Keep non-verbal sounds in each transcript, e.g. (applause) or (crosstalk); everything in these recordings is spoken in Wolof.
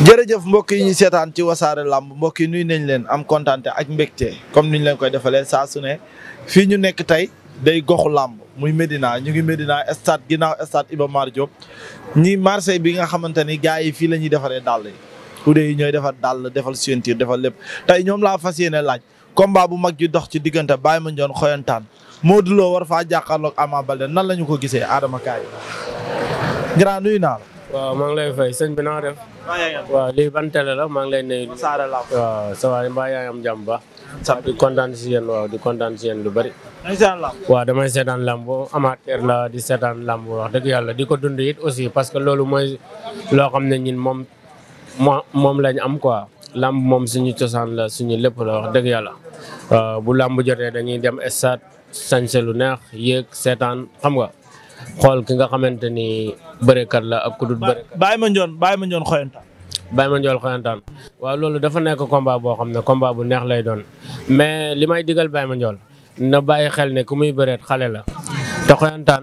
jërëjëf mbokk yi ñu seetaan ci wasaare làmb mbokk yi nuy nañ leen am kontaan ak mbégte comme ñu leen koy defalee saa su ne fii ñu nekk tey day goxu làmb muy Medina ñu ngi Medina stade ginnaaw stade Iba Mar Diop. ñi marché bi nga xamante ni gars yi fii la ñuy defaree dàll yi ude yi ñooy defar dàll defal ceinture defal lépp tey ñoom laa fas yéene laaj combat bu mag ji dox ci diggante baay Baye Mandione xoyantaan Modou Lo war faa jàkkaarloog Ama Baldé nan la ñu ko gisee Adama Kaay. grand naa waaw maa ngi lay fay sëñ bi naa def. waaw lii ban la maa ngi lay nuyu. waaw ça va mbaa yaa ngi am ba. sab di kontaan si yéen waaw di kontaan si yéen lu bëri. waaw damay seetaan làmb amateur la di seetaan làmb wax dëgg yàlla di ko dund it aussi parce que loolu mooy loo xam ne ñun moom moom lañ am quoi. làmb moom suñu cosaan la suñu lépp la wax dëgg yàlla bu làmb jotee dañuy dem stade sañse lu neex yéeg seetaan xam nga. xool ki nga xamante ni bërekat la ak ku dul bërekat. Baye Mandione Baye Mandione xoyantaan. Baye Mandione xoyantaan. waaw loolu dafa nekk komba boo xam ne komba bu neex lay doon mais li may digal Baye Mandione na bàyyi xel ne ku muy bëreet xale la te xoyantaan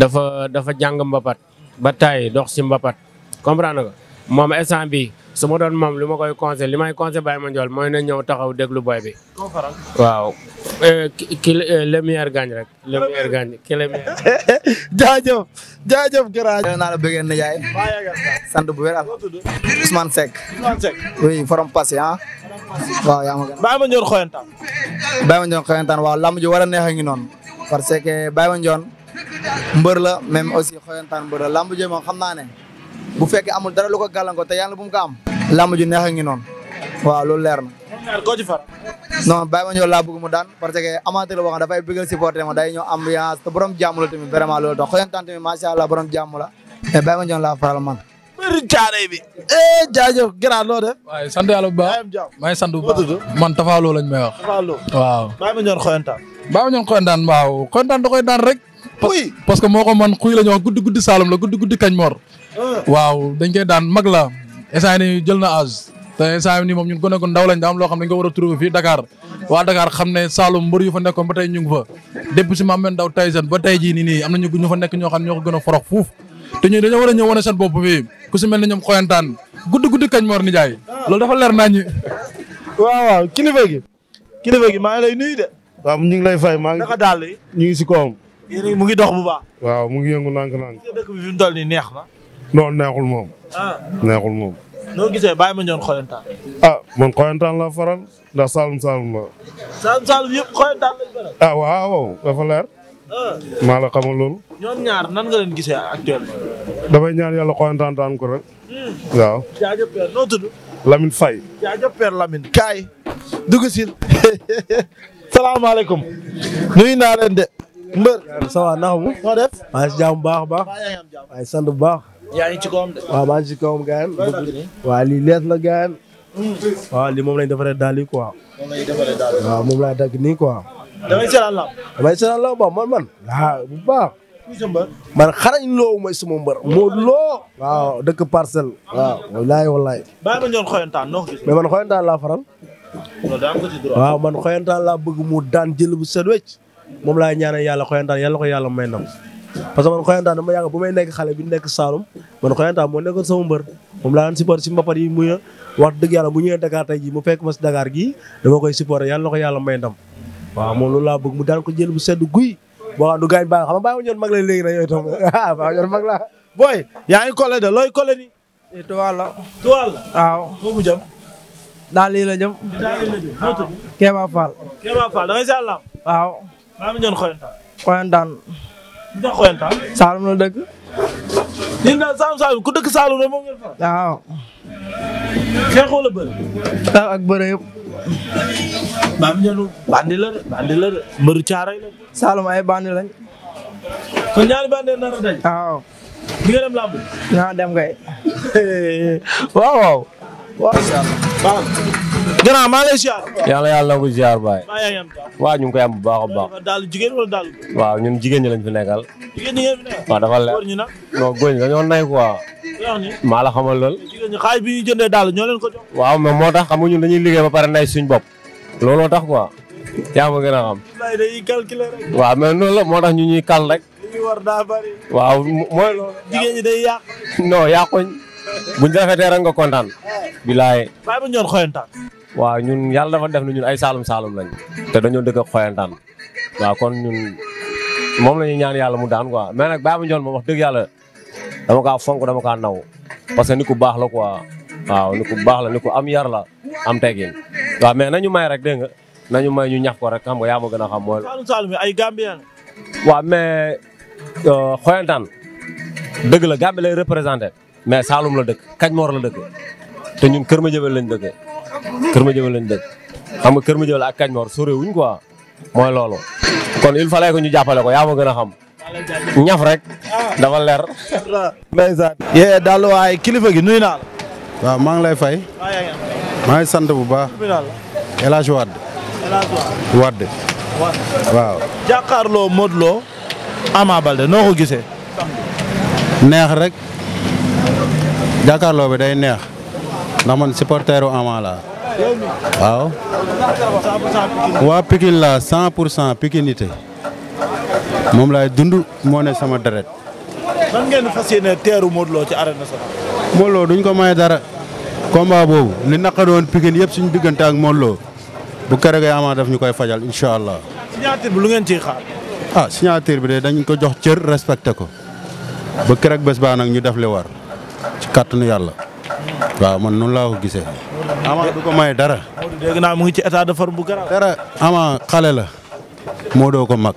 dafa dafa jàng mbapat ba taay dox si mbapat comprendre moom instant su ma doon moom li ma koy conseil li may conseil Baye Mandione mooy na ñëw taxaw déglu boy bi. waaw. Eh, ki eh, le meilleur gagne rek. le meilleur gagne ki le meilleur. (laughs) jaajëf jaajëf garage. nee naa la bëggee na yaay. sant bu wér Ousmane Seck. Ousmane Seck. oui forom passé ah. waaw yaa ma gën. Baye Mandione xoyantaan. Baye Mandione xoyantaan waaw lamb ji war a neex a ngi noonu. parce que Baye Mandione mbër la même aussi xoyantaan mbër la lamb ji moom xam naa ne. bu fekkee amul dara lu ko gàllankoor te yàlla bu mu ko am. làmb a ngi waaw loolu leer na. koo ci non bàyyi ma ñëw laa bëgg mu daan parce que amateur la boo xam dafay bëggal supporter ma day ñëw ambiance te borom jàmm la tamit vraiment loolu tax xoyantaan tamit macha allah borom jàmm la mais ma ñëw laa faral man. bëri caare bi. Eh, jaajëf gannaaw loo def. waaye sant yàlla bu baax maa ngi sant bu baax man Tapha Lo lañ may wax. Tapha Lo waaw. bàyyi ma ñëw xoyantaan. bàyyi ma ñëw xoyantaan waaw xoyantaan da koy daan rek. parce que moo ko man xuy la ñu wax guddi guddi Saalum la guddi guddi Kañ Mor waaw dañ koy daan mag la instant ni jël na âge te instant yi nii moom ñu gone ko ndaw lañ da am loo xam ne dañ war a trouver fii Dakar waa Dakar xam ne Saloum mbër yu fa nekkoon ba tey ñu ngi fa depuis tey jii nii nii am ñu nekk ñoo xam ne ñoo ko a forox fuuf te ñun dañoo war a ñëw wane seen bopp fii guddi guddi kañ moor ni jaay loolu dafa leer nañ ñi waaw waaw kilifa gi kilifa gi maa ngi lay nuyu de waaw ñu ngi lay fay maa ngi naka daal ñu ngi si kawam mu ngi dox bu baax waaw mu ngi yëngu nànk-nànk dëkk bi fi neex na non neexul moom. Ah. neexul moom. noo gisee bàyyi ma ñoon xoyantaan. ah man xoyantaan la faral ndax Saalum Saalum la. Saalum Saalum yëpp xoyantaan ah, ah. la xamal loolu. ñoom ñaar nan nga leen gisee hmm. (laughs) de. mbër. ça va naamu. def. maa ngi baax a baax. yaa ngi ci kawam de. waaw maa ngi ci kawam gaan lii lees la gaan hmm. lii moom lañ defaree daal yi quoi. moom lañ defaree laa dagg nii quoi. damay seetaan laaw. damay man man. ah loo mooy sama mbër. moo loo. waaw dëkk parcelle. waaw walaay walaay. bàyyi ma ñoon laa faral. waaw man xoyantaan laa bëgg mu daan jël bu set moom laa ñaanal yàlla xoyantaan yàlla ko yàlla may nam parce que man xoyantaan dama yàgg bu may nekk xale bi nekk Saalum man xoyantaan moo nekkoon sama mbër moom laa daan support si mbapat yi muy wax dëgg yàlla bu ñëwee Dakar tey jii mu fekk ma Dakar gii dama koy supporté may ndam waaw moom loolu laa bëgg mu daan ko jël bu sedd guy boo xam du gaañ baax xam nga baax ñoon mag la léegi na yooyu tam (laughs) ah, baax ñoon mag eh, la daal lii la jëm Kéba Fall Kéba da ngay si àllam ndax xoyantaan. Saalum la dëkk. ñun daal Saalum Saalum ku dëkk Saalum rek moom ngeen faral. waaw. xeexoo Saalum ay bandi lañ. kon ñaari bandi nar a (laughs) waaw ñu ko koy am bu baax a baax. daal jigéen daal. waaw ñun jigéen ñi lañ fi nekkal. jigéen ñi ngeen fi nekkal. waaw dafa leer góor ñi nag. ñi dañoo nay quoi. maa la xamal lool. jigéen ñi bi ñu daal ñoo ko jox. waaw mais moo tax xam nga ñun dañuy liggéey ba pare nay suñ bopp. looloo tax quoi. yaa ma na a xam. dañuy calculer rek. waaw mais noonu la moo tax ñu ñuy kal rek. li waaw mooy loolu. jigéen ñi day yàq. non yàquñ buñ defee rek nga kontaan. Eh. bilaay. waaw ñun yàlla dafa def na ñun ay saalum saalum lañ te dañoo dëkk ak xoyantaan waaw kon ñun moom la ñuy ñaan yàlla mu daan quoi mais nag Baye Mandione moom wax dëgg yàlla dama ka fonk dama ka naw parce que nit ku baax la quoi waaw nit ku baax la nit ku am yar la am teggin waaw mais nañu may rek dégg nga nañu may ñu ñax ko rek xam nga ma gën a xam mooy. Saalum Saalum ay Gambien. waaw mais euh, xoyantaan dëgg la Gambie lay représenté mais Saalum la dëkk Kañmoor la dëkk te ñun Kër ma Madiabel lañ dëkk. Kër Madiabel lañ dëkk nga Kër Madiabel ak Kañ Mor sore wuñ quoi mooy loolu. kon il fallait que ñu jàppale ko yaa ma gën a xam. ñaf rek dafa leer. ndeysaan. yee daal waaye kilifa gi nuyu naa maa ngi lay fay. maa ngi sant bu baax. El Hadj Wade. Wade. waaw. jàkkaarloo Modou Lo Ama Balde noo ko gise neex rek jàkkaarloo bi day neex ndax man supporteru Ama laa waaw waa Pikine laa cent pour cent pikinité moom laay dund moo ne sama deret nan ngeen fas yéene teeru Modou Lo ci arène nationale Modou Lo ko may dara combat boobu li naqadoon pikin yëpp suñu diggante ak Modou bu kere gay def ñu koy fajal incha allah signature bi lu ngeen ciy xaar ah signature bi de dañ ko jox cër respecté ko ba kerek bés baa nag ñu def li war ci kàttanu yàlla waaw man noonu laa ko gisee. ama eh, du ko may dara. dégg naa mu ngi ci état de forme bu garaaw. dara ama xale la. moo doo ko mag.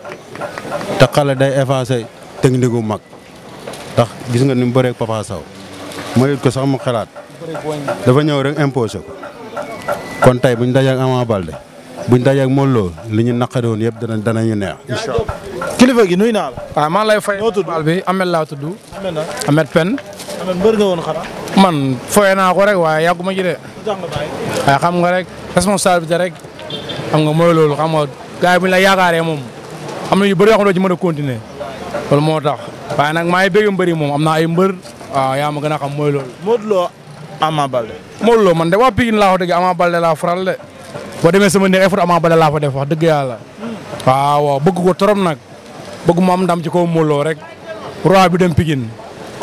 te xale day effacé technique gu mag. tax gis nga ni mu bëree Papa Sow. mayut ko sax mu xalaat. dafa ñëw rek imposé ko. kon tey buñ dajeeg Ama Balde. buñ dajeeg Modou Lo li ñu naqare woon yëpp dana danañu neex. kilifa gi nuyu naa la. waaw ah, lay fay. noo tudd baal Pen. man mbër nga woon xanaa. man foyee naa ko rek waaye yàggu ma ji de. waaye xam nga rek responsabilité rek xam nga mooy loolu xam nga gars yi bu la yaakaaree moom am na yi bëri yoo ci mën a continuer moo tax waaye nag maa ngi bëgg mbëri moom am naa ay mbër yaa ma gën a xam mooy loolu. Modou Lo Ama Balde. Modou man de waa Pikine laa ko a Ama laa faral de boo demee sama néeg effort Ama Balde laa fa def wax dëgg yàlla waaw bëgg ko trop nag bëgg mu am ndam ci kaw Modou Lo rek roi bi dem Pikine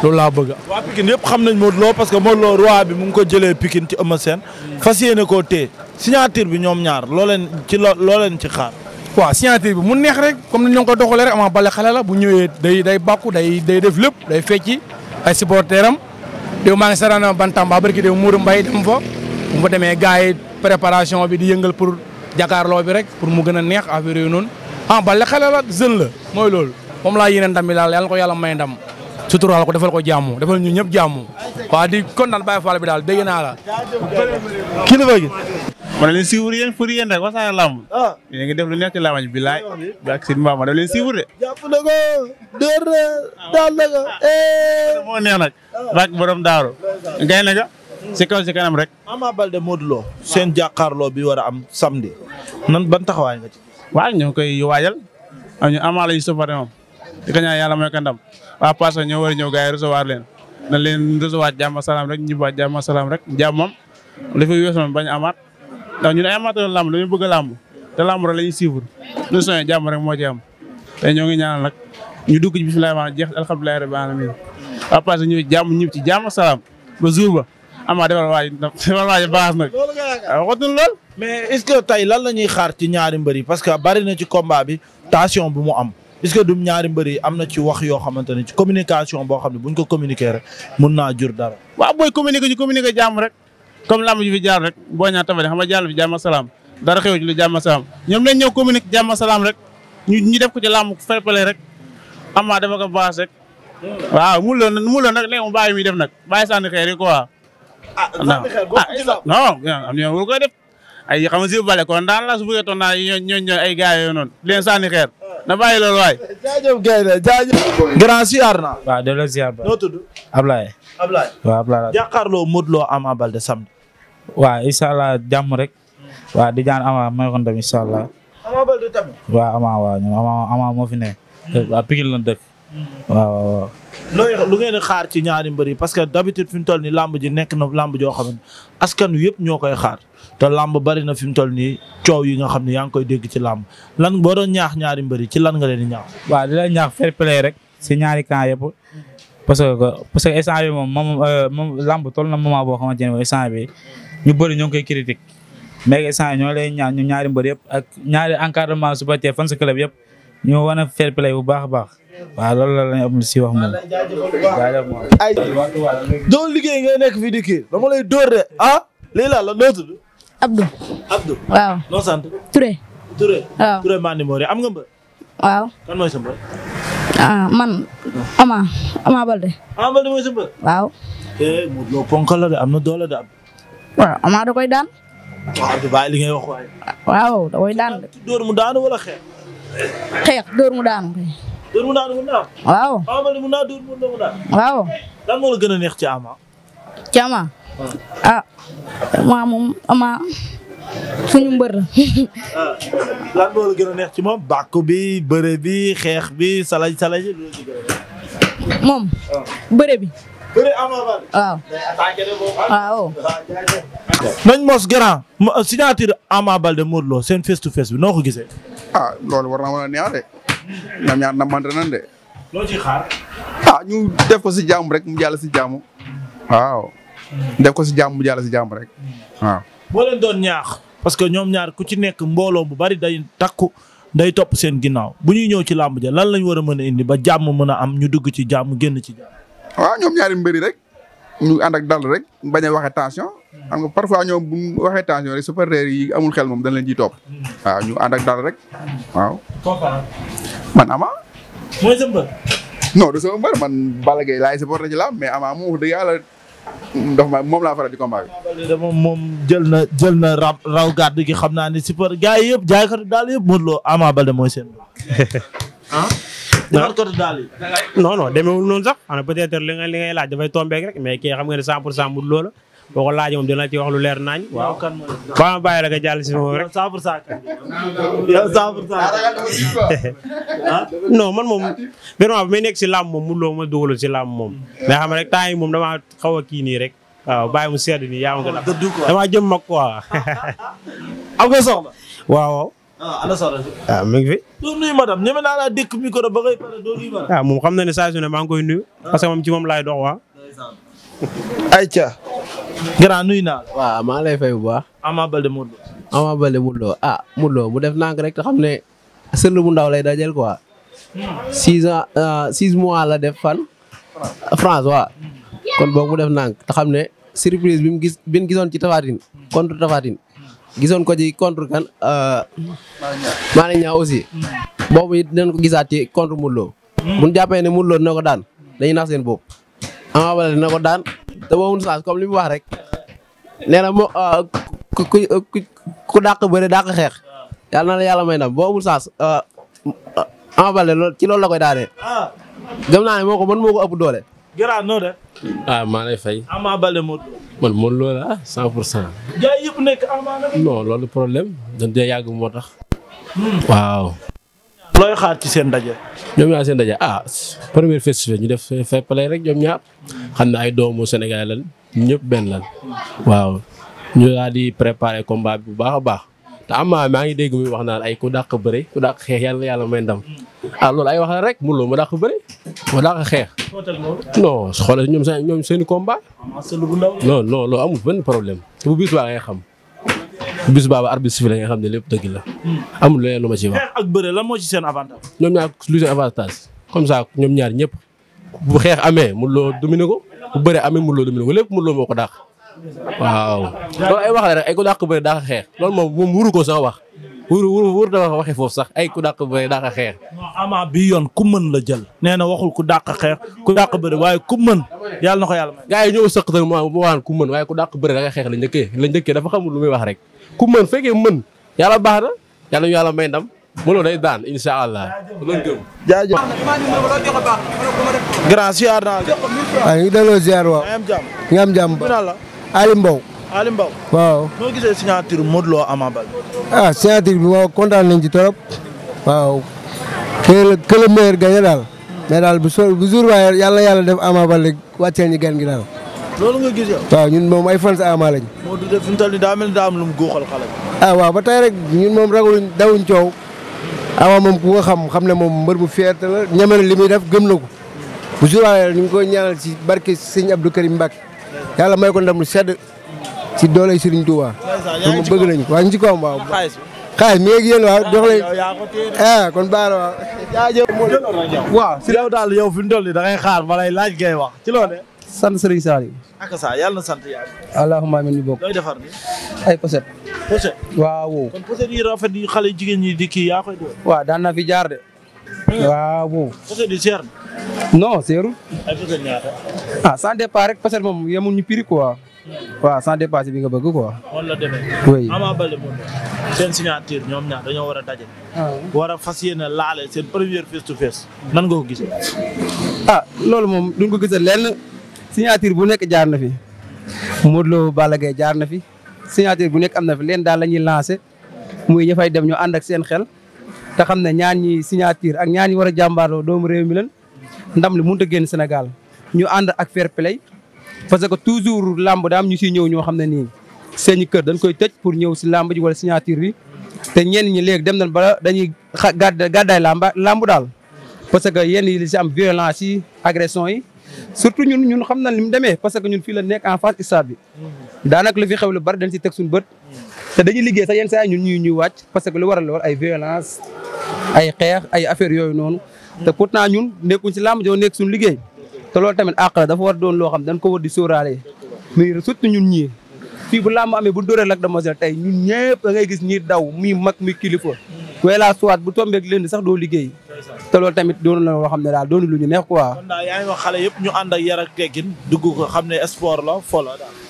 loolu laa bëgg waa Pikine yëpp xam nañ Modou Lo parce que Modou Lo roi bi mu ngi ko jëlee Pikine ci Eumeu Sène fas yéene koo téye bi ñoom ñaar loo leen ci loo loo leen ci xaar bi mu neex rek comme ni ñoo ngi ko doxalee rek Ama Baldé xale la bu ñëwee day day bàkku day day def lépp day fecci ay supporter am déw maa ngi sarana Bantamba barki déw Mourou Mbaye dem fa bu fa demee gars yi préparation bi di yëngal pour jàkkaarloo bi rek pour mu gën a neex affaire yooyu noonu Ama Baldé xale la jeune la mooy loolu moom suturaal ko defal ko jàmm defal ñu ñëpp jàmm waa di kontaan Baye Fall bi daal dégg naa la. kilifa gi. ma ne leen siiwul yéen pour yéen rek Wassare Lamb. Ah. yéen ngi def lu nekk ci làmbañ bi laay. ak seen maam ma def leen siiwul de. jàpp na ko dóor na daal na ko. Eh. moo neex nag. rak borom daaru. gay na ga si kaw si kanam rek. Ama Balde Modou Lo seen jàkkaarloo bi war a am samedi. nan ban taxawaay nga ci. waaw ñoo ngi koy waajal. am ñu Ama la ñu sopare moom. di ko ñaan yàlla mooy ko ndam waa Parcelles ñoo war a ñëw gars yi recevoir leen na leen recevoir jàmm salaam rek ñibbaat jàmm salaam rek jàmmam li fi a bañ amaat ndax ñun ay amaatoo lamb dañu bëgg a lamb te lamb rek la ñuy suivre ñu soñe jàmm rek moo ci am te ñoo ngi ñaanal ñu dugg ci bismillah maanaam jeex alhamdulilah rabbil alamin waa Parcelles ñëw jàmm ñib ci jàmm salaam ba jour ba amaa defal waay defal waay baax nag waxatul lool mais est-ce que tey lan la ñuy xaar ci ñaari mbër yi parce que bari na ci combat bi mu am est-ce du ñaari mbër yi am na ci wax yoo xamante ne ci communication boo xam ne buñ ko communiquer rek mun naa jur dara. waaw booy communiquer ñu communiquer jàmm rek comme lamb ji fi jaar rek boo ñaa tafale xam nga jàll fi jàmm salaam dara xew ci lu jàmm salaam ñoom lañ ñëw communiquer jàmm salaam rek ñu ñu def ko ci lamb fair play rek amaa dafa ko baas rek. waaw mu la mu la mu bàyyi muy def nag bàyyi sànni xeer yi quoi. ah, ah ko ah, gis non am na war koy def ay xam a si bale kon daan la su bëggee toog naa ñooñu ay gars yooyu noonu leen xeer. na bàyyi loolu waay. grand ziar naa. waaw delloo ziar ba. noo tudd. Ablaye. Ablaye waaw Ablaye. jàkkaarloo Modou Lo Ama rek. waaw di jaan Ama may ko ndam incha allah. Ama Baldé tamit. waaw Ama hmm. dëkk. Hmm. waaw waaw waaw. looy lu ngeen xaar ci ñaari mbër yi parce que d'habitude fi mu toll nii làmb ji nekk làmb joo xam askan wi yëpp ñoo koy xaar te làmb bari na fi mu coow yi nga xam ni yaa ngi koy dégg ci làmb lan boo doon ñaax ñaari mbër yi ci lan nga leen ñaax. waaw di la ñaax fair play rek si ñaari camp yëpp parce que parce bi euh, moom làmb toll na moment boo xamante ne instant bi ñu bëri ñoo ngi koy critique mais instant ñoo lay ñaari mbër yëpp ak ñaari encadrement supporter fan sa club ñu wane fair play bu baax a baax waaw loolu la lañu am si wax moom jaajëf liggéey ngay nekk fii di kii dama lay de ah lii laa la noo tudd. Abdou. sant. Touré. Touré am Balde. Ah, Ama Balde mooy sa mbër. waaw. eh de am na doole de. daan. de. xeex dóor mu daanu. dóor mu daanu mun naa. waaw Ama Baldé mun naa dóor mun na mu daan. waaw. lan moo la gën a neex ci Ama. ci ah, Ama. ah maa moom Ama suñu mbër la. (laughs) Ah, lan moo la gën a neex ci moom bàkku bi bëre bi xeex bi salaj salaj loolu ci gën a neex. moom. Ah. bëre bi. bëre Ama Baldé. waaw. waaw. nañ mos grand signature Ama Baldé Modou Lo seen face to face bi noo ko gisee. ah loolu war na mën a neex de ñoom ñaar namante nañ de. loo ci xaar. ah ñu def ko si jàmm rek mu jàll si jàmm. waaw. def ko si jàmm mu si jàmm rek waaw. boo leen doon ñaax parce que ñoom ñaar ku ci nekk mbooloo bu bari day takku day topp seen ginnaaw bu ñuy ñëw ci làmb ja lan lañ war a mën a indi ba jàmm mën a am ñu dugg ci jàmm génn ci jàmm. waaw ah, ñoom ñaari mbëri rek. ñu ànd ak dal rek bañ a waxee tension xam nga parfois ñoom bu ñu waxee tension rek supporters yi amul xel moom dañ leen ciy ñu ànd ak rek waaw. man Ama. mooy sa mbër. non du sama mbër man ci laam mais Ama moom wax dëgg ndox ma moom laa faral di combat bi. moom moom jël na jël na raw raw gàdd gi xam naa ne support gars yi yëpp jaaykatu daal yëpp Modou Lo Ama Baldé mooy seen. (laughs) defar daal yi. non non demeewul noonu sax xanaa peut être li nga li laaj dafay tombeek rek mais kii xam nga ne 100 pour 100 bu loola boo ko laajee moom dina ci wax lu leer nañ. waaw kan ma bàyyi la nga jàll si moom rek. 100 pour 100 kan. (laughs) Ah? man moom vraiment nekk si làmb moom ma dugalul si làmb moom. mais xam rek temps yi moom damaa xaw kii nii rek. waaw mu sedd nii yaa ma gën a. dëgg (laughs) ah, ah fi. doo nuyu madame ñeme naa laa dékk micro ba ngay pare doo nuyu madame. Ah, moom xam na ne saa su ne maa ngi koy nuyu. Ah. parce que moom ci moom laay dox waa. (laughs) ayca. grand nuyu naa la. waaw maa lay fay bu baax. Ama bu def nànk rek te xam ne sël bu ndaw lay dajel quoi. Hmm. six ans euh, six mois la def fan. France waaw. kon boog mu def nànk te xam ne surprise bi mu gis ci Tapha Tine contre Tapha gisoon ko ci contre kan. Euh, Malick Niang aussi. boobu it dinañ ko gisaat ci contre Modou Lo. bu ñu jàppee ne Modou na ko daan dañuy nax seen bopp. Ama Baldé dina ko daan te boobu chance comme li mu wax rek nee na mo euh, ku ku ku dàq bëre dàq xeex. yàlla na la yàlla may ndam boobu amul euh, chance Ama Baldé loolu ci loolu la koy daanee. gëm naa ne moo ko mën moo ko ëpp doole. Giraar noo def. Ah, maa lay fay. Ama Baldé Modou Lô. man Modou Lô la ah 100 pour cent. gars loolu problème dañ dee yàgg moo tax. Hmm. waaw. looy xaar ci seen ndaje ñoom ñaar seen ndaje ah premier festival ñu def fair play rek ñoom ñaar xam ne ay doomu Sénégal lan ñëpp benn lan waaw ñu daal di préparer combat bi bu baax a baax te Ama maa ngi dégg muy wax naan ay ku dàq bëre ku dàq xeex yàlla yàlla may ndam ah loolu ay wax la rek mënuloo ma dàq bëre. wala nga xeex. non xoolal ñoom seen ñoom seen i combat. non non loolu amul benn problème te bu bis baa ngay xam bis baa ba arbitre sifflé nga xam ne lépp dëgg la. amul leneen lu ma ci wax. xeex ak bëre lan moo ci seen avantage. ñoom ñaar lu seen avantage comme ça ñoom ñaar ñëpp bu xeex amee mun loo dominer ko bu bëre amee mun loo dominer ko lépp mun loo moo ko dàq. waaw loolu ay wax la rek ay ko dàq bëre dàq xeex loolu moom moom wuru ko wax. wur wur wur wax waxee foofu sax ay ku daq bëre dàq xeex. non Ama bi la jël. nee na waxul ku dàq xeex ku daq bëre waaye ku mën yàlla na ko yàlla may. gars yi ñëw sëq rek mu waan ku mën waaye ku dàq bëre da nga xeex lañ njëkkee lañ njëkkee dafa xamul lu muy wax rek ku mën fekkee mën yàlla baax na yàlla yàlla may ndam mënoo day daan incha allah. jaajëf. grand ziar naa la. maa ngi delloo ziar Aliou Mbaw waaw noo gisee signature Modou Lo Ama ah signature bi waaw kontaan nañ ci torop waaw que que daal mais daal bu so bu jour waaye yàlla yàlla def Ama Baldé wàcceel ñi gan gi daal loolu ñun moom ay fans Ama lañ moo du def daa mel lu mu góoxal ah waaw ba tey rek ñun moom ragaluñ daw coow Ama moom ku ko xam xam ne moom mbër mu fierté la ñeme na def gëm na ko bu jour waaye ñu ngi koy ñaanal ci barke Sëñ Abdou Karim Mbacke yàlla may ko ndam sedd si doole Serigne Touba. yaa ngi ci bëgg nañu waa ñu ci kawam waaw. xaalis mi ngi yéen waaw jox leen ah da ngay xaar laaj ngay wax ci sa yàlla sant yàlla. allahumma amiin ñu bokk. looy defar ay pochette. pochette ñi di kii yaa koy doon. waaw daan naa fi jaar de. waaw. pochette yi cher na. non seerul. ay pochette ñaata. ah sans waaw sans dépasser bi nga bëgg quoi. noonu la demee. oui Ama Baldé seen signature ñoom ñaar dañoo war a daje. Ah. war a fas yéene laale seen première face to face nan nga ko gisee. ah loolu moom duñ ko gisee lenn signature bu nekk jaar na fi Modou Lô Balla jaar na fi signature bu nekk am na fi leen daal la ñuy lancé ña fay dem ñu ànd ak seen xel te xam ne ñaan ñi signature ak ñaan ñi war a jàmbaarloo doomu réew mi leen ndam li mun a génn senegal ñu ànd ak fair play parce que toujours làmb daam ñu siy ñëw ñoo xam ne nii seen kër dañ koy tëj pour ñëw si làmb ji wala signature bi te ñenn ñi léegi dem nañ ba dañuy xa gàddaay làmb làmb daal. parce que yenn yi li si am violence yi agression yi surtout ñun ñun xam na li mu demee parce que ñun fii la nekk en face stade bi. daanaka lu fi xew lu bari dañ si teg suñu bët. te dañuy liggéey sax yenn saa ñun ñuy ñuy wàcc parce que lu waral lool ay violence ay xeex ay affaire yooyu noonu. te pourtant ñun nekkuñ si làmb joo nekk suñu liggéey. te loolu tamit àq la dafa war doon loo xam dañ ko war di sóoraale surtout ñun ñii fii bu làmb amee bu dóoree Lac de Moselle tey ñun ñëpp da ngay gis ñi daw muy mag muy kilifa wala soit bu tombeeg leen sax doo liggéey te loolu tamit doon na loo xam ne daal doonu lu ñu neex quoi. kon xale yëpp ñu ànd ak yar ak teggin dugg xam ne sport la fo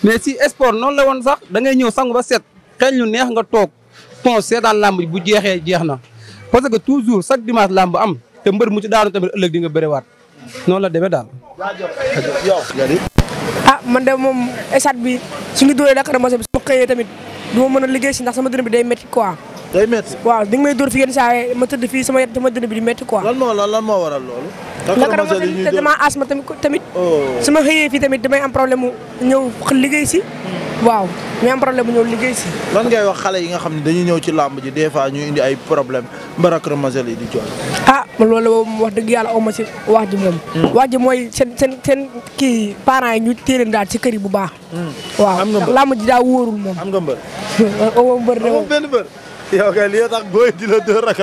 mais si sport noonu la woon sax da ngay ñëw sangu ba set xel ñu neex nga toog ton seetaan làmb bu jeexee jeex na parce que toujours chaque dimanche làmb am te mbër mu ci daanu tamit ëllëg di nga bëriwaat noonu la demee daal. ah man de moom état bi su ñu dóoree Dakar mos a bi su ma xëyee tamit du mën a liggéey si ndax sama dërëm bi day métti quoi. day métti waaw di nga may dóor fi yenn saa ma tëdd fii sama dënn bi di métti quoi. Oh. am problème mu ñëw si. waaw damay am problème mu ñëw liggéey si. lan ngay xale yi nga xam ne dañuy ñëw ci làmb ji des fois ñu indi ay problème ba lacrymogène yi ah, wax dëgg yàlla aw ma si wax hmm. mooy seen seen seen kii parents yi ñu téere daal ci kër yi bu baax. Hmm. waaw ndax làmb ji daa wóorul moom. am nga mbër. (laughs) aw ma mbër. yow kay li tax booy di la dóor ak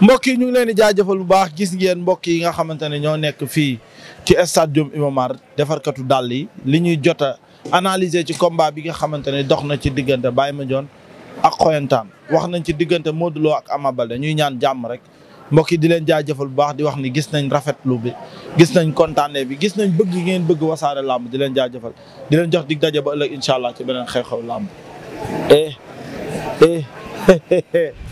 mbokk yi ñu ngi leen di jaajëfal bu baax gis ngeen mbokk yi nga xamante ne ñoo nekk fii ci stadium Iba Mar defarkatu dàll yi li ñuy jot a ci combat bi nga xamante ne dox na ci diggante ma joon ak Xoyantaan wax nañ ci diggante moo du loo ak Ama Baldé ñuy ñaan jàmm rek mbokk yi di leen jaajëfal bu baax di wax ni gis nañ rafetlu bi gis nañ kontaane bi gis nañ bëgg ngeen bëgg wasaare làmb di leen jaajëfal di leen jox dig daje ba incha allah ci beneen xew-xew làmb eh eh (laughs)